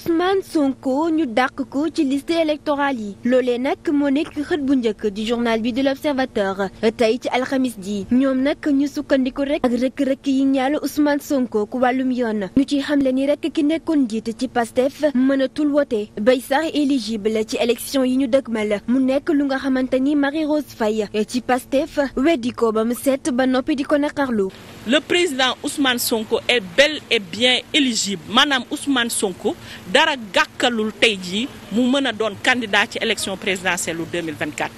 Ousmane Sonko ñu dàq ko ci liste électorale yi loolee nag moo nekk xët bu njëkk di journal bi de l'Observateur tey ci alxamis ji ñoom nag ñu sukkandiku rek ak rëkk-rëkk yi ñaal Ousmane Sonko ku wàllum yoon ñu ci xam xamle ni rek ki nekkoon jiit ci Pastef mënatul wote bay sax éligible ci élection yi ñu ma dëgmal mu nekk lu nga xamante ni Marie Rose Faye ci Pastef weddi ko ba mu set ba noppi di ko naqarlu le président Ousmane Sonko est bel et bien éligible maanaam Ousmane Sonko dara gàkkalul tey jii mu mën a doon candidat ci élection présidentielle 2024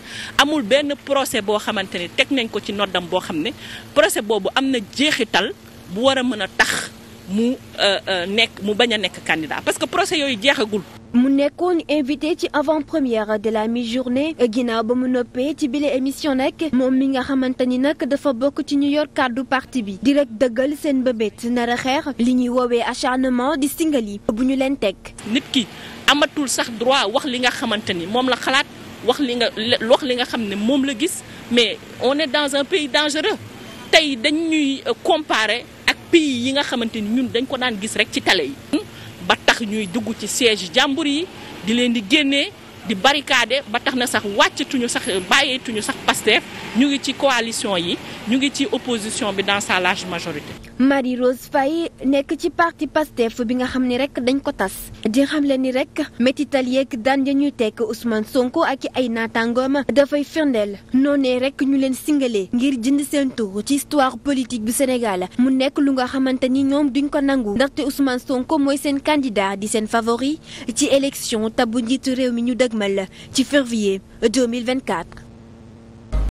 amul benn procès boo xamante ne teg nañ ko ci noddam boo xam ne procès boobu am na jeexital bu war a mën a tax mu euh, euh, nekk mu bañ a nekk candidat parce que procès yooyu jeexagul. mu nekkoon invité ci avant-première de la mi-journée ginnaaw ba mu noppee ci bile émission nag moom mi nga xamante ni nag dafa bokk ci ñu yor kàddu parti bi di rek dëggal seen bëbët nar a xeex li ñuy woowee acharnement di singali bu ñu leen teg. nit ki amatul sax droit wax li nga xamante ni moom la xalaat wax li nga wax li nga xam ne moom la gis mais on est dans un pays dangereux tey dañ ñuy comparer. pays yi nga xamante ni ñun dañ ko daan gis rek ci télé yi. ba tax ñuy dugg ci siège jàmbur yi di leen di génnee. di barricade ba tax na sax wàccatuñu sax bàyyeetuñu sax Pastef ñu ngi ci coalition yi ñu ngi ci opposition bi dans sa large majorité. Marie Rose Faye nekk ci parti Pastef bi nga xam ni rek dañ ko tas di xam le ni rek métital yeeg daan ya ñuy tekk Ousmane Sonko ak ay naataangoom dafay firndeel noonee rek ñu leen singalee ngir jënd seen tur ci histoire politique bu Sénégal mu nekk lu nga xamante ni ñoom duñ ko nangu ndaxte Ousmane Sonko mooy seen candidat di seen favori ci dëgmal ci février 2024